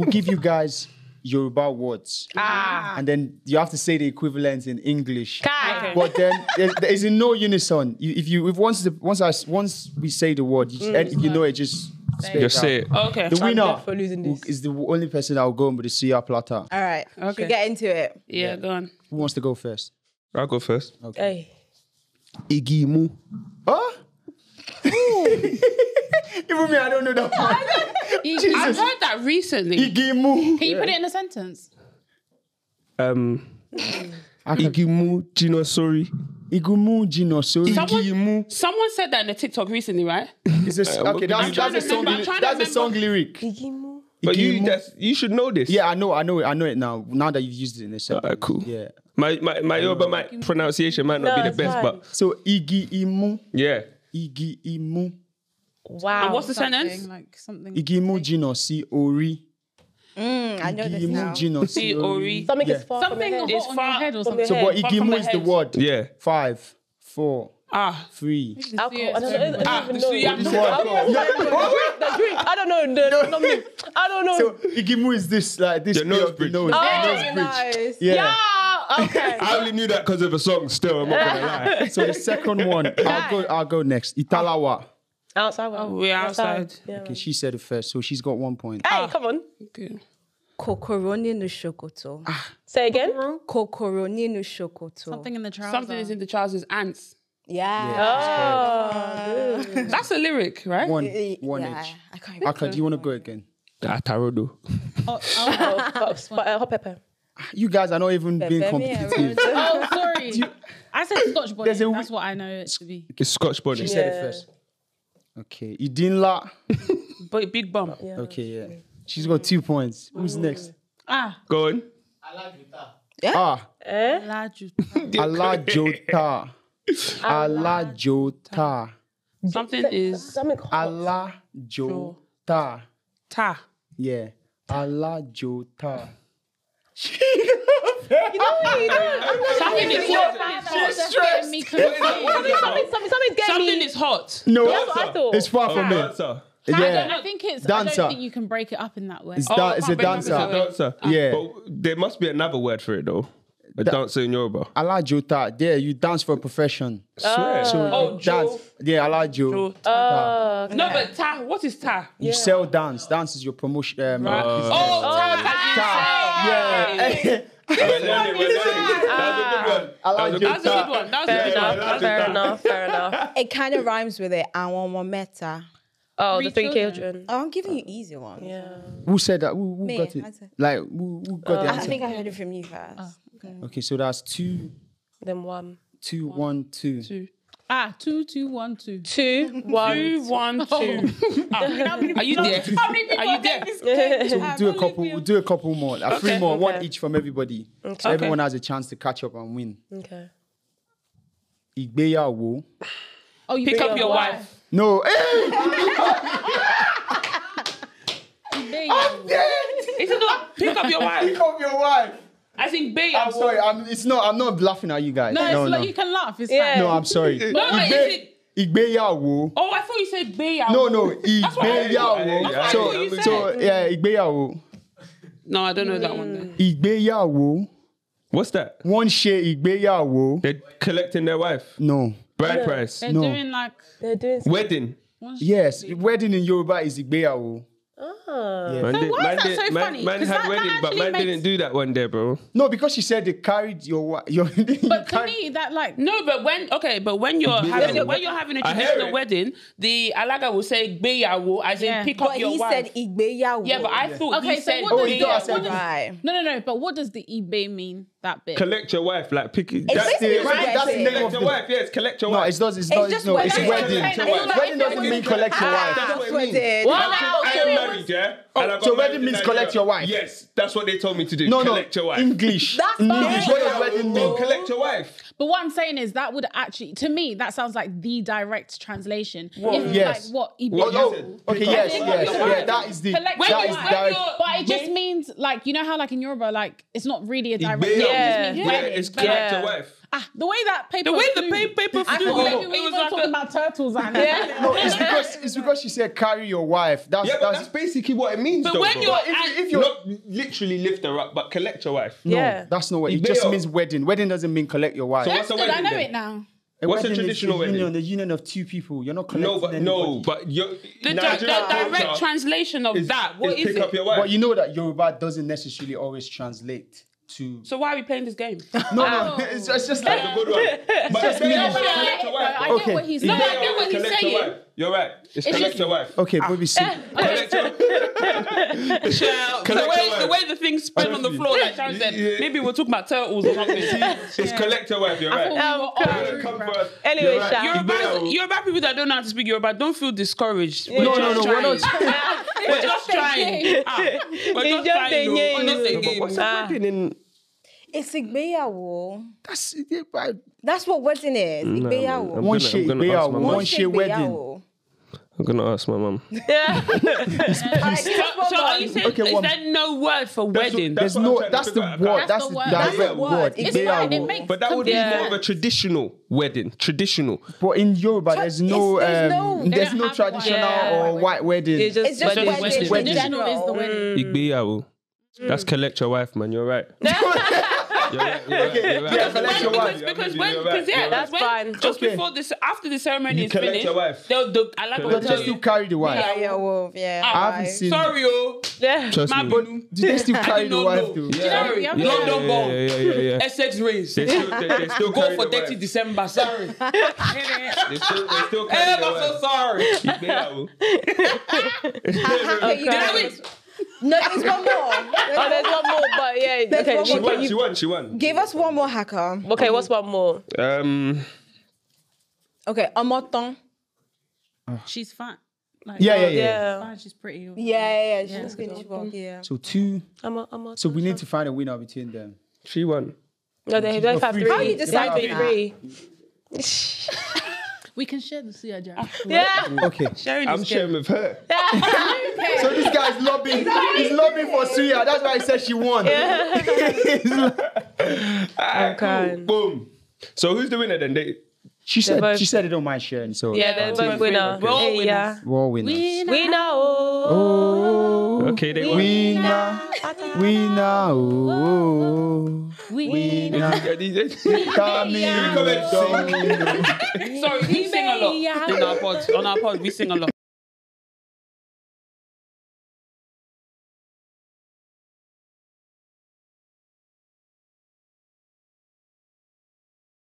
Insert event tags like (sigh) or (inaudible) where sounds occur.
we'll give you guys Yoruba words. Ah. And then you have to say the equivalent in English. Okay. But then there's, no unison. if you if once the, once I, once we say the word, you, mm. you know it just just say it. Okay. The winner is the only person that will go on with the Sia Plata. All right. Okay. get into it. Yeah, yeah, go on. Who wants to go first? I'll go first. Okay. Hey. Igimu. Huh? (laughs) Even me, I don't know that (laughs) part. I've heard that recently. Igimu. Can you put it in a sentence? Um, Igimu Jinosori. Igumu Jinosori. igimu. someone said that in a TikTok recently, right? It's a, uh, okay, that's, that's a song. that's a song lyric. Igimu. But you, you should know this. Yeah, I know, I know it, I know it now. Now that you've used it in a sentence. Right, cool. Yeah. My my my Yoruba my pronunciation might not no, be the best, fine. but so Igi Imu. Yeah. Igi Imu. Wow. And what's the something, sentence? Like something. Igimujino si ori. Mm, I know this now. Igimujino si ori. Something Yeah. is far Something from your head. is on your head or something. So, what? Igimu is the word. Yeah. Five, four, Ah. three. Alcohol. I don't, know- I don't ah, even know. The drink. (laughs) I don't know. The, the, not me. I don't know. So Igimu is this like this The nose bridge. nose, Oh, the ah, bridge. nice. Yeah. Yeah. Okay. (laughs) I only knew that because of a song. Still, I'm not gonna lie. So the second one, I'll go. I'll go next. Italawa. Outside. We're oh, we're outside. outside. Yeah, okay, she said it first, so she's got one point. Hey, ah. come on. Okay. Kokoroni no shokoto. Ah. Say again. Kokoroni no shokoto. Something in the trousers. Something is in the trousers. Ants. Yeah. yeah that's, oh, that's a lyric, right? One, one yeah, I can't Aka, do you want to go again? Atarodo. oh, oh, (laughs) oh, uh, hot pepper. Ah, you guys are not even being competitive. oh, sorry. (laughs) You, I said Scotch bonnet. That's what I know it to be. It's Scotch bonnet. She yeah. said it first. Okay. Idinla. (laughs) but big bump. Yeah. Okay, yeah. She's got two points. Who's oh. next? Ah. Go on. Alajota. Yeah. Ah. Eh? Alajota. Alajota. (laughs) Alajota. Something is Alajota. Ta. Yeah. Alajota. (laughs) something is hot. something, something, something, something's getting something is hot. No, That's what I thought. it's far oh, from it. Dancer. I, Yeah. don't, I think it's. I Dancer. don't think you can break it up in that way. It's, oh, da- it's a dancer. It's a dancer. Yeah. But there must be another word for it though. A dancer in Yoruba. I like Jota. Yeah, you dance for a profession. Swear. Oh, Dance. Yeah, I like you. No, but Ta, what is Ta? You sell dance. Dance is your promotion. Um, uh, Oh, Ta, Ta. Yeah. (laughs) good one. That's a good one. Ah. That's fair, enough, fair enough. Fair enough. It kind of rhymes with it. I want more meta. Oh, three the three children. children. Oh, I'm giving you easy ones. Yeah. Who said that? Who, who Me, got it? Like who, who got uh, the oh. answer? I think I heard it from you first. Oh, okay. okay. so that's two. Then one. Two, one, one two. Two. Ah, two, two, one, two. Two, one, two, one, two. Oh. Ah. Are you there? Are you there? So we'll do a couple. We'll do a couple more. Like okay, three more, okay. one each from everybody. Okay. So everyone has a chance to catch up and win. Okay. Oh, you pick, pick up your, wife. wife. No. Hey! (laughs) (laughs) I'm dead. not pick up your wife. Pick up your wife think Bay. I'm sorry. I'm, it's not. I'm not laughing at you guys. No, no, no. Like you can laugh. It's yeah. No, I'm sorry. no, but is it? Igbeyawo. Oh, I thought you said Beyawo. No, no, Igbeyawo. So, so yeah, Igbeyawo. No, I don't know mm. that one. Then. Igbeyawo. What's that? One share Igbeyawo. They're collecting their wife. No. Bride yeah. price. They're no. doing like. They're doing. Wedding. Yes, wedding in Yoruba is Igbeyawo. Huh? Yeah. Man, so did, why man is that did, so man, funny? Man, had that, wedding, that but man makes... didn't do that one day, bro. No, because she said they carried your your. (laughs) but to me, that like no, but when okay, but when you're having yeah. when you're having a traditional wedding, the alaga will say igbeyawo, as yeah. in pick but up your wife. But he said igbeyawo. Yeah, but I yeah. thought okay, he so said what does, yeah, oh, what does, No, no, no. But what does the igbe mean? That bit. Collect your wife, like pick. It's that's the, right, that's the name of your wife. Yes, collect your wife. No, it It's, not. It's, not. it's wedding. Wedding doesn't mean collect your wife. That's what it means. I'm married. Yeah. Oh, so wedding means collect your wife. Yes, that's what they told me to do. No, collect no, your wife. English. That's English. What does wedding mean? Collect your wife. But what I'm saying is that would actually, to me, that sounds like the direct translation. What? If, oh, oh, yes. Like what? Ibiza. oh, Okay. Yes. Yes. Yeah. That is the. Collect that is direct. But it just means like you know how like in Yoruba like it's not really a direct. Yeah. Yeah. It's collect your wife. Ah, the way that paper. The way flew, the pa- paper flew. I thought maybe we were like talking a... about turtles and. yeah. no, it's because it's because she said carry your wife. That's yeah, that's, that's, basically what it means. But though, when you're if, if, you're not literally lift her up, but collect your wife. No, yeah. that's not what it just means. Wedding. Wedding doesn't mean collect your wife. So what's a wedding? I know it now. A What's a traditional is the union, the union of two people. You're not collecting No, but no, but you're, the, the direct translation of is, that. What is, is it? What well, you know that Yoruba doesn't necessarily always translate to. So why are we playing this game? No, no, oh. it's, it's just like a good one. (laughs) But it's meaning. Collect your wife. I get okay. what he's saying. No, I get what he's saying. wife. You're right. It's, it's collect just, your wife. Okay, baby, (laughs) see. collect your the, way, your wife. the way the thing spread on the floor, like Sharon said, yeah. maybe we're talking about turtles or something. it's yeah. collect your wife, you're right. Um, we come first. Anyway, you're right. Yoruba, Yoruba people that don't know how to speak Yoruba, don't feel discouraged. Yeah. No, no, no, we're not. (laughs) we're just trying. we're just trying. No, honest ah, (laughs) oh, What's ah. happening? It's Igbeyawo. That's, that's what wedding is. Igbeyawo. No, one share Igbeyawo. One share wedding. I'm gonna ask my mum. (laughs) Yeah. Okay, is one- there no word for That's wedding? There's what i no. That's the word. That's the word. That's the word. It's fine, it makes- But that would be more of a traditional wedding. Traditional. But in Yoruba, there's no, there's um, no- traditional or white wedding. It's just, wedding. wedding. Wedding. Traditional is the wedding. Igbeyawo. That's mm. collect your wife, man. You're right. (laughs) (laughs) (laughs) yeah, yeah, okay. yeah, yeah, Because when, because yeah, that's fine. Just before this, after the ceremony is finished, they'll do. I like what they still carry the wife. Yeah, yeah, well, yeah. I haven't seen. Sorry, oh. Yeah. Trust me. Do they still (laughs) carry the wife too? Sorry, London born. Yeah, yeah, yeah. Essex raised. They still (laughs) go for 30 December. Sorry. They still, carry the wife. I'm so sorry. Okay, you They no, there's one more. (laughs) oh, there's one more, but yeah. There's okay, she won, she won, she won. Give us one more hacker. Okay, what's one more? Um. Okay, un moton. Oh. She's fat. Like, yeah, yeah, yeah, Fat, She's pretty. Yeah, yeah, yeah. She's yeah. She's good. Yeah. So two. I'm a, I'm a, so we need to find a winner between them. She won. No, they both have three. How are you deciding three? (laughs) We can share the CI job. (laughs) yeah. Mm. Okay. (laughs) Sharing I'm sharing with her. (laughs) so this guy's lobbying. Exactly. He's lobbying for Suya. That's why he said she won. Yeah. like, ah, cool. Boom. So who's the winner then? They, she said both, she said they don't mind sharing. So yeah, they're both both winner. We're all winners. Yeah. We're all winners. Winner. Winner. Oh. oh. Okay, they won. Winner. Winner. Oh. Winner. Winner. Winner. Winner. Sorry. Hello. Yeah. In our pods, on our pod, we sing a lot.